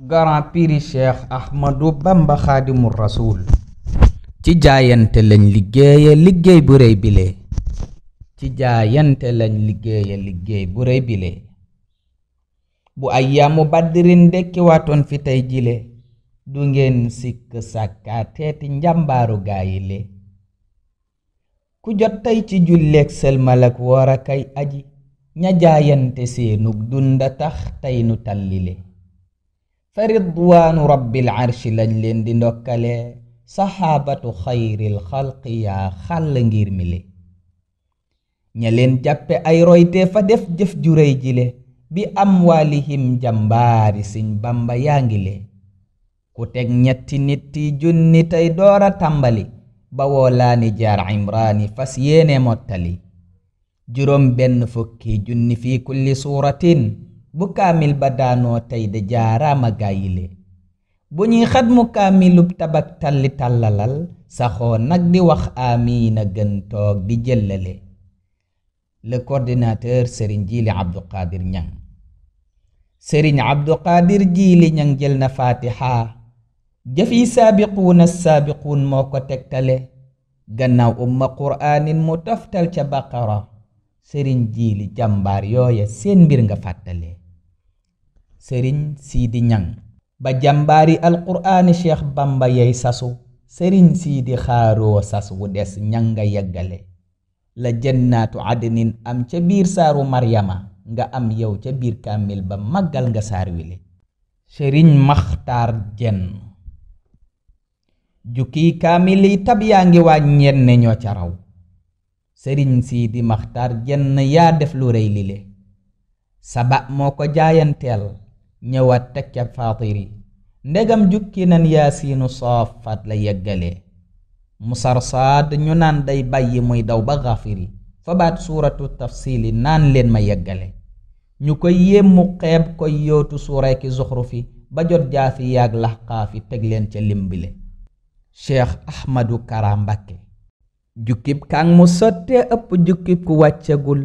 grand prix cheikh ahmadu bamba xaadimu rasul ci jaayante lañ liggéeya liggéey bu rëy bile ci liggéey bu rëy bile bu ayyaamu baddirin dekki waatoon fi tey jile du ngeen sikk sàkka teeti njàmbaaru gaayile ku jot tey ci julleek sëlmal wara kay aji ña jaayante seenug dunda tax tey nu tallile fa ridwaanu rabbil arshi lañ leen di ndokkale saxaabatu xayril xalqi yaa xàll ngir mi li ña leen jàppe ay royte fa def jëf ju réy jile bi amwaalihim jàmbaari siñ bamba yaa ngi le ku teg ñetti nitti junni tey doora tàmbali ba woolaani jaar imraani fas yéene mottali juróom benn fukki junni fi kulli suuratin bu kaamil ba daanoo tey de jaaraama gaayile bu ñuy xatmu kaamilub tabak talli tàllalal saxoo nag di wax amiina gën toog di jëllale le coordinateur Serigne Djily Abdou Qadir Niang Serigne Abdou Qadir jël na faatiha jëfi saabiquuna saabiquun moo ko tegtale gannaaw umma quraanin mu toftal ca baqara Serigne Djily jàmbaar yooya seen mbir nga fàttale sëriñ siidi ñang ba jàmbaari alquraani cheikh bamba yey sasu sëriñ siidi xaaroo sas wu des ñanga yeggale la jannaatu adnin am ca biir saaru maryama nga am yow ca biir kaamil ba màggal nga saar wile sëriñ maxtaar jenn jukki kaamil yi tab yaa ngi waa ñenn ñoo ca raw sëriñ siidi maxtaar jenn yaa def lu rëy lile saba moo ko jaayanteel ñëwaat teg ca faatiri ndegam jukki nan yaasiinu soofaat la yeggalee musarsaad ñu naan day bàyyi muy daw ba xaafiri fabaat suuratu tafsili naan leen ma yeggale ñu koy yéem xeeb koy yootu suuray ki zuxrufi ba jot jaafi yaag laxqaafi teg leen ca limbile cheikh ahmadu kara mbàkke jukkib kan mu sottee ëpp jukkib ku wàccegul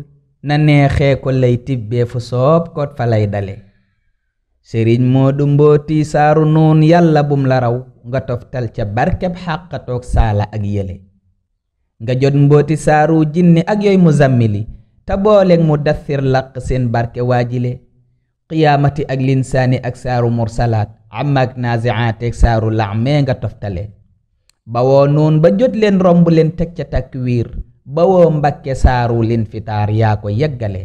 na neexee ko lay tibbee fu soob ko fa lay dale sëriñ moodu mbooti saaru nuun yàlla bum la raw nga toftal ca barkeb xàqatoog saala ak yële nga jot mbooti saaru jinni ak yooy mu zammili te booleeg mu daffir làq seen barke waajile qiyaamati ak linsaani ak saaru mursalaat amaak naaziyaateeg saaru laxmee nga toftale bawoo nuun ba jot leen romb leen teg ca takwiir bawoo mbakke saaru linfitaar yaa ko yeggale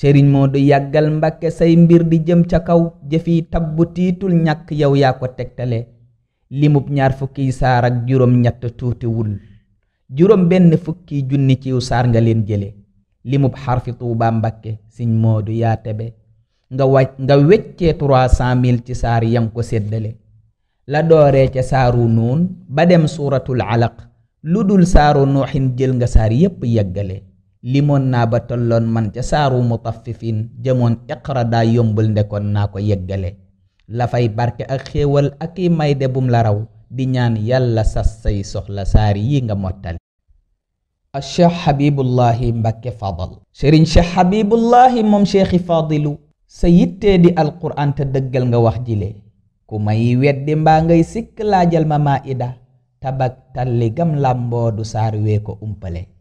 sëriñ moo du yàggal mbàkke say mbir di jëm ca kaw jëfi tabbu tiitul ñàkk yow yaa ko tegtale limub ñaar fukkiy saar ak juróom ñett tuutiwul juróom benn fukki junni ciw saar nga leen jële limub xarfi tuubaa mbàkke siñ moo du yaa tebe nga wàcc nga weccee trois mille ci saar yang ko séddale la dooree ca saaru nuun ba dem suuratul alaq lu dul saaru nuuxin jël nga saar yépp yeggale limoon naa ba tolloon man ca saaru mutaffifin jëmoon iqra daa yombul ndekoon naa ko yeggale la fay barke ak xéewal ak i may de bum la raw di ñaan yàlla sas say soxla saar yi nga mottali a cheikh xabibullahi mbakke fadal sëriñ cheikh xabibullahi moom cheikhi fadilu sa yittee di alquraan te dëggal nga wax jile ku may weddi mbaa ngay sikk laajal ma maa ida tabak talli gam saar wee ko umpale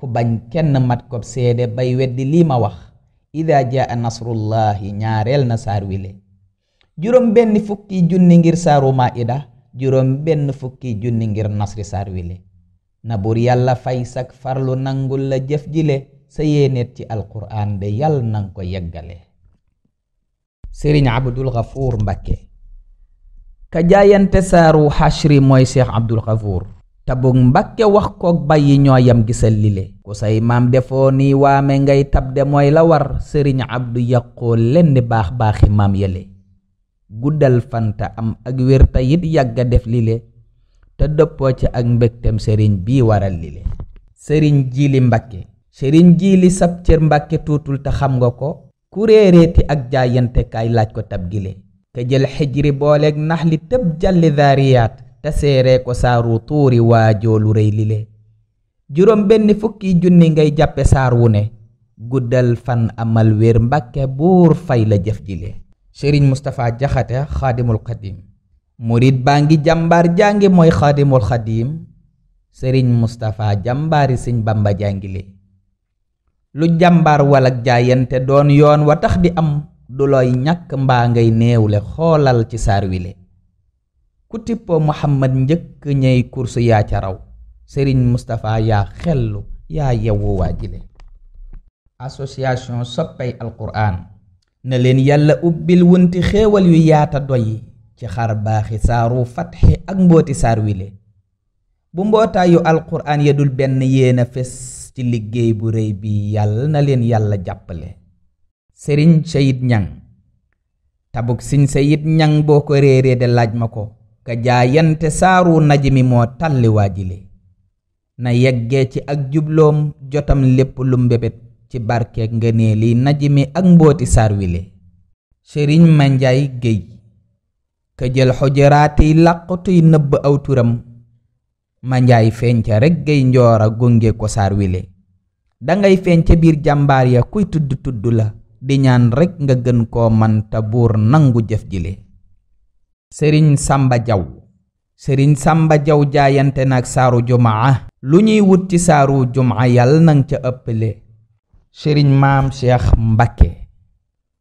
ku bañ kenn mat ko seede bay weddi lii ma wax ida jaa nasrullahi ñaareel na saar wile juróom benn fukki junni ngir saaru maida juróom benn fukki junni ngir nasri saar wile na buur yàlla fay sak farlu nangul la jëf jile sa yéeneet ci alquraan de yàlla nang ko yeggale sëriñ abdul gafuur mbakke ka jaayante saaru xashri mooy seex abdul gafuur tabuk mbàkke wax kook bàyyi ñooyam gisal lile ku say maam defoo ni waame ngay tab demooy la war sëriñ du yàqoo lenn baax baaxi maam yële guddal fanta am ak wér te yàgga def lile te dëppoo ci ak mbégtem sëriñ bii waral lile sëriñ jiili mbàkke sëriñ jiili sab cër mbakke tuutul te xam nga ko ku réeréeti ak jaayantekaay laaj ko tab gile ka xijri booleeg nax li tëb jàlli zaariyaat te seere ko saaru tuuri waajoo lu rëy lile juróom benn fukki junni ngay jàppe saar wu ne guddal fan amal weer mbàkke buur fay la jëf jile sëriñ mustapha jaxate xaadimul xadim murit baa ngi jàmbaar jàngi mooy xaadimul xadim sëriñ mustapha jàmbaari sëñ bamba jàngile lu jàmbaar walla jaayante doon yoon wa tax di am du looy ñàkk mbaa ngay néewle xoolal ci saar wile ku tippoo Muhammad njëkk ñey kursu yaa ca raw Sëriñ Mustapha yaa xellu yaa yewwu waa jile association soppey alquran na leen yàlla ubbil wunti xéewal yu yaata doy ci xar baaxi saaru fatxi ak mbooti saar wile bu mbootaayu alquran ya benn yéena fes ci liggéey bu rëy bi yàlla na leen yàlla jàppale Sëriñ Sayid Ñang tabuk siñ Sayid Ñang boo ko réeree de laaj ma ko ka jaayante saaru mi moo tàlli waajile na yeggee ci ak jubloom jotam lépp lu mbébét ci barkeek ngënee liy mi ak mbooti saar wile sëriñ manjaay géy ka jël xojaraatiy nëbb aw turam manjaay feeñ ca rekk géy njoor a gunge ko saar dangay feeñ biir jàmbaar ya kuy tudd tudd la di ñaan rekk nga gën koo man buur nangu jëf jile sëriñ sàmba jaw sëriñ sàmba jaw jaayante nag saaru jumaa lu ñuy wut ci saaru jumaa yàlla nag ca ëppale sëriñ maam cheikh mbakke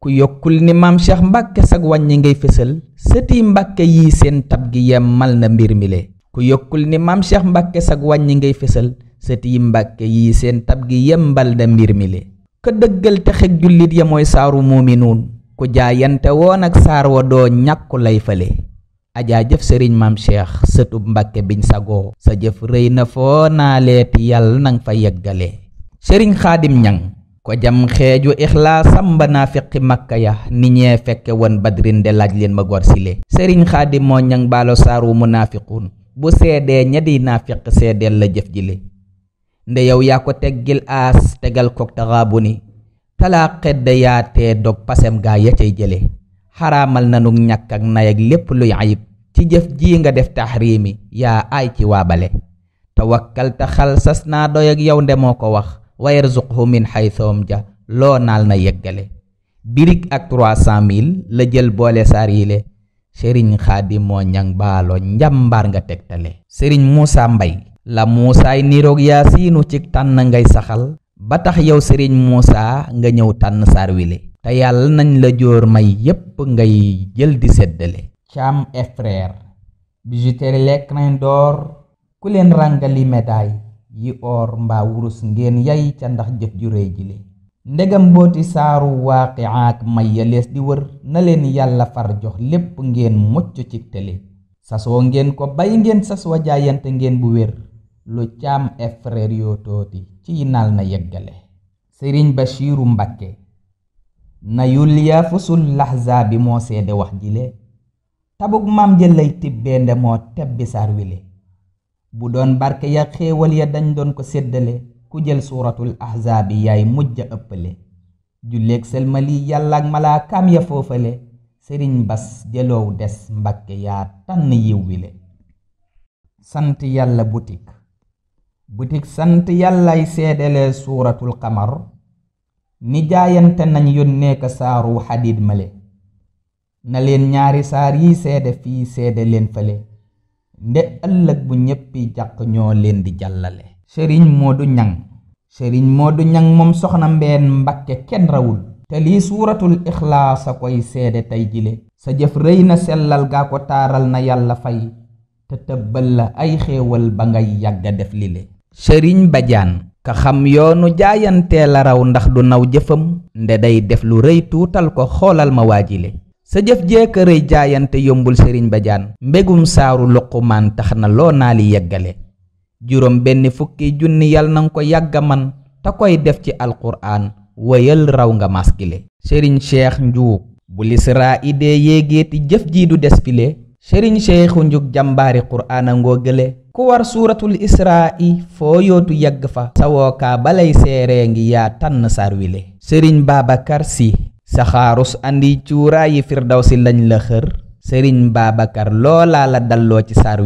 ku yokkul ni maam cheikh mbakke sag wàññi ngay fësal sëti mbakke yi seen tab gi yemmal na mbir mi le ku yokkul ni maam cheikh mbakke sag ngay fësal sëti mbakke yi seen tab gi yembal mbir mi le ka jullit ya mooy saaru muuminuun ku jaayante woon ak saar wa doo ñàkku lay fale ajaa jëf sëriñ maam cheikh sëtub mbàkke biñ sagoo sa jëf rëy na foo naaleeti yàlla nang fa yeggale sëriñ xaadim ñang ko jam xeeju ixlaasam ba naa fiqi ya ni ñee fekke woon badrin de laaj leen ma gor sëriñ xaadim moo ñang baalo saaru munaafiquun bu seedee ña di naafiq la jëf jile nde yow yaa ko teggil aas tegal koog taxaabu ni talaa xedde yaatee dog pasem gaa ya cay jële xaramal nanu ñàkk ak nay ak lépp luy ayib ci jëf ji nga def taxriimi yaa aay ci waabale tawakkal te xalsas naa doy ak yow nde ko wax wayarzuqhu min xaysoom ja loo naal na yeggale birig ak trois cent mille la jël boole saariile sëriñ xaadi moo ñang baalo njàmbaar nga tegtale sëriñ muusa mbay la muusaay niroog yaasiinu ci tànn ngay saxal ba tax yow sëriñ Moussa nga ñëw tànn saar te yàlla nañ la joor may yépp ngay jël di seddale Cham et frère lekk les door ku leen ràngali médaille yi or mbaa wurus ngeen yay ca ndax jëf ju réy jile ndegam booti saaru waaqi ak may ya di wër na leen yàlla far jox lépp ngeen mucc ci tële sasoo ngeen ko bay ngeen sas wa jaayante ngeen bu wér lu caam e frère yoo ci nal na yeggale sëriñ Bachiru Mbakke na yul yafusul laxza bi moo seede wax jile tabuk maam jëlay tibbeende moo tebbi saar wile bu doon barke ya xéewal ya dañ doon ko seddale ku jël suuratul ahzaabi yaay mujj a ëppale julleeg selmali yàlla ak malaakaam ya foofale sëriñ bas jëloow des mbakke yaa tànn yiw wile butik sant yàllay seedelee suuratul xamar nijaayante nañ yónnee ko saaru xadiid male na leen ñaari saar yi seede fii seede leen fale nde ëllëg bu ñéppi jàq ñoo leen di jàllale sëriñ moodu ñaŋ sëriñ moodu ñaŋ moom soxna mbeen mbakke kenn rawul te lii suuratul ixlaas a koy seede tey jile sa jëf rëy na sellal gaa ko taaral na yàlla fay te tëbbal la ay xéewal ba ngay yàgga def lile sëriñ bajaan ka xam yoonu jaayantee la raw ndax du naw jëfam nde day def lu rëy tuutal ko xoolal ma waajile sa jëf jeeka rëy jaayante yombul sëriñ bajaan mbégum saaru luqumaan tax na loo naa li yeggale juróom benn fukki junni yal nanga ko yàgga man te koy def ci alquraan wéyal raw nga maskile sëriñ cheikh njuug bu lisraa idee yéegeeti jëf jii du des file sëriñ seexu njug jàmbaari qur'aana ngoo gële ku war suuratul isra'i foo yootu yegg fa sawookaa balay seeree ngi yaa tànn sar wile sëriñ baabakar si saxaarus andi cuuraayi si lañ la xër sëriñ baabakar loola la dalloo ci sar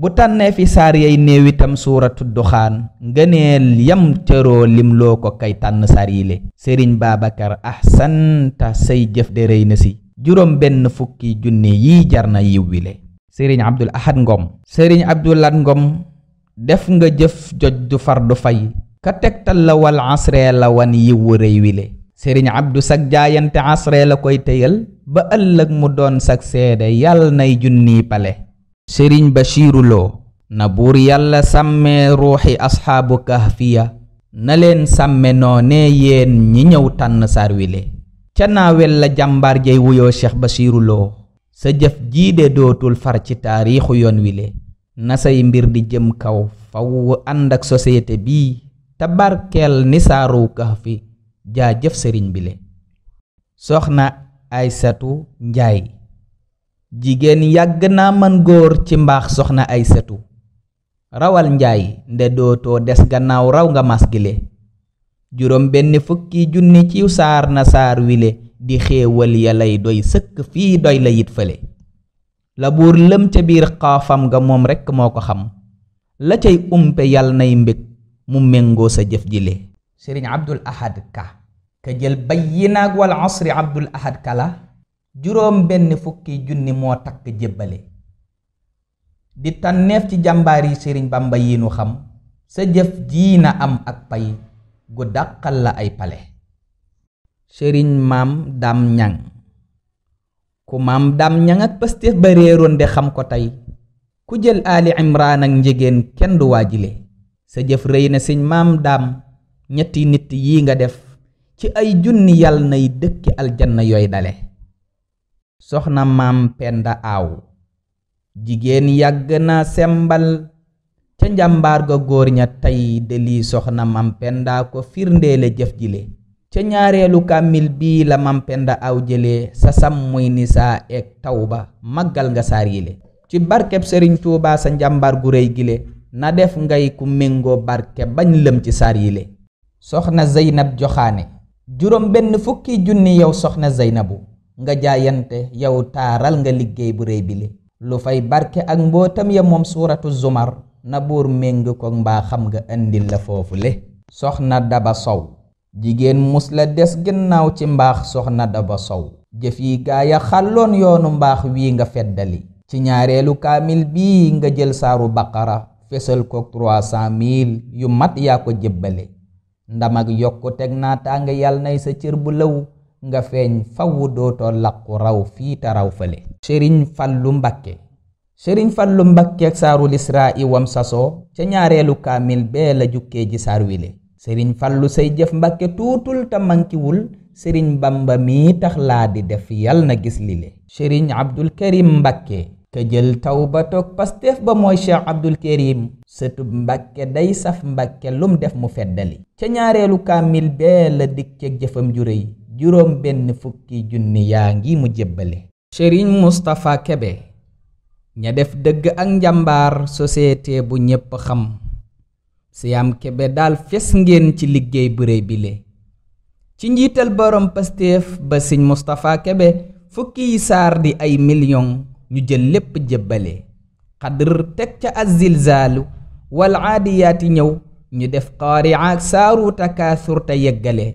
bu tànnee fi saar yay néew itam suuratu duxaan ngëneel yam cëroo lim ko kay tànn sar yile sëriñ baabakar ahsanta say jëf de rëy na si juróom benn fukki junni yi jar na yiw wile sëriñ abdul ahad ngom sëriñ abdulat ngom def nga jëf joj du far du fay ka tegtal la wal asree la wan yiwu rëy wile sëriñ abdu sag jaayante asree la koy téyal ba ëllëg mu doon sag seede yàlla nay junniy pale sëriñ bashiiru loo na buur yàlla sàmmee ruuxi asxaabu kahfiya na leen sàmme noonee yeen ñi ñëw tànn sarwile ca naawel la jàmbaar jey wuyoo Cheikh Basiiru Lo sa jëf jii de dootul far ci taariixu yoon wile na say mbir di jëm kaw faw ànd ak société bii te barkeel ni saaru kax fi jaa jëf sëriñ bile soxna Aysatu Njaay jigéen yàgg naa mën góor ci mbaax soxna ay Aysatu rawal njaay nde dootoo des gannaaw raw nga mas gile juróom benn fukki junni ci saar na saar wile di xéewal ya lay doy sëkk fii doy la yit fële la buur lëm ca biir xaafam nga moom rekk moo ko xam la cay umpe yàlla nay mbég mu méngoo sa jëf jile sëriñ abdul ahad ka ka jël bayyinaak wal asri abdul ahad ka la juróom benn fukki junni moo takk jébbale di tànneef ci jàmbaar yi sëriñ bàmba yi nu xam sa jëf jii na am ak pay gu dàqal la ay pale sëriñ maam dam ñang ku maam dam ñang ak pastéef ba réeroon de xam ko tey ku jël aali imraan ak njigéen kenn du jile sa jëf rëy na sëñ maam daam ñetti nit yi nga def ci ay junni yàlla nay dëkki aljanna yooy dale soxna maam penda aaw jigéen yàgg na sembal ca njàmbaar ga góor ña tey de lii soxna mampenda ko firndeele jëf jile ca ñaareelu kàmmil bii la mampenda aw jële sa sam muy nisaa ek taw ba màggal nga saar yile ci barkeb sëriñ tuubaa sa njàmbaar gu rëy gile na def ngay ku méngoo barke bañ lëm ci saar yile soxna zeynab joxaane juróom benn fukki junni yow soxna zeynabu nga jaayante yow taaral nga liggéey bu rëy bile lu fay barke ak mbootam ya moom suuratu zumar na buur méng ko mbaaxam nga indil la foofu le soxna daba sow jigéen mus la des gannaaw ci mbaax soxna daba sow jëf yi gaaya xàlloon yoonu mbaax wii nga feddali ci ñaareelu kaamil bi nga jël saaru baqara fesal ko 300000 yu mat yaa ko jëbbale ndam ak yokku teg naa tàng yàlla nay sa cër bu law nga feeñ fawu dootoo laqu raw fii te raw fale sëriñ fallu mbakke sëriñ fallu mbakke ak saarul israa wam sasoo ca ñaareelu kaamil bee la jukkee ji saar wile sëriñ fallu say jëf mbakke tuutul te sëriñ bamba mi tax laa di def yal na gis lile sëriñ abdul karim mbakke ka jël taw ba toog pasteef ba mooy cheikh abdul karim sëtub mbakke day saf mbakke lum def mu feddali ca ñaareelu kaamil bee la dikkeek jëfam ju rëy juróom benn fukki junni yaa ngi mu jébbale sëriñ mustafa ña def dëgg ak njàmbaar société bu ñépp xam Siam Kébé daal fes ngeen ci liggéey bu rëy bile ci njiital borom Pastef ba siñ Moustapha kebe fukki yi saar di ay million ñu jël lépp jébbale xadr teg ca azilzaalu wal aadiyaati ñëw ñu def qaari saaru takaasur te yeggale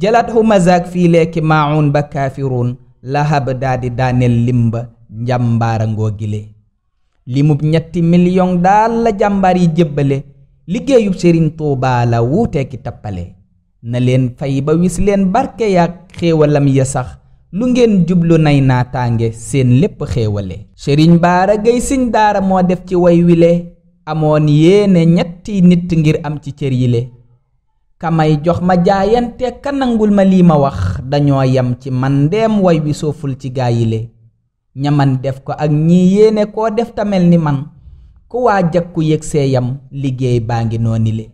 jalaat humazaak fii leeki maawun ba kaafiruun lahab daa daaneel limba njàmbaara ngoo gile li mub ñetti million daal la jàmbaar yi jébbale liggéeyub sëriñ tuubaa la tappale na leen fay ba wis leen barke yaak xéewalam ya sax lu ngeen jublu nay naataange seen lépp xéewale sëriñ baara gay siñ daara moo def ci way wile amoon yéene ñetti nit ngir am ci cër yile kamay jox ma jaayante kanangul ma lii ma wax dañoo yam ci man ndeem woy wi sooful ci gaayile ñaman def ko ak ñii yéene koo def tamel ni man ku waa jakku yëg liggéey baa ngi nooni le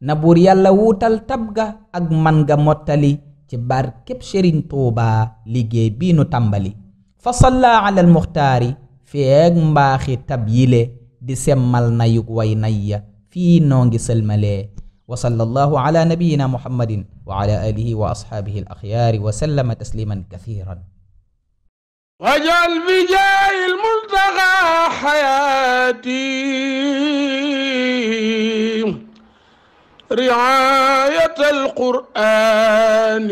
na buur yàlla wuutal tab ga ak man ga mottali ci barkeb sëriñ tuuba liggéey bii nu tàmbali fa salla alal muxtaari feeg mbaaxi tab yile di semmal nayug way nayya fii noo ngi sëlmalee wa sallallahu ala nabiyina muhammadin wa ala wa ashaabihi al wa sallama tasliman kathiran واجعل بجاه الملتقى حياتي رعاية القرآن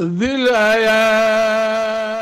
ذي الآيات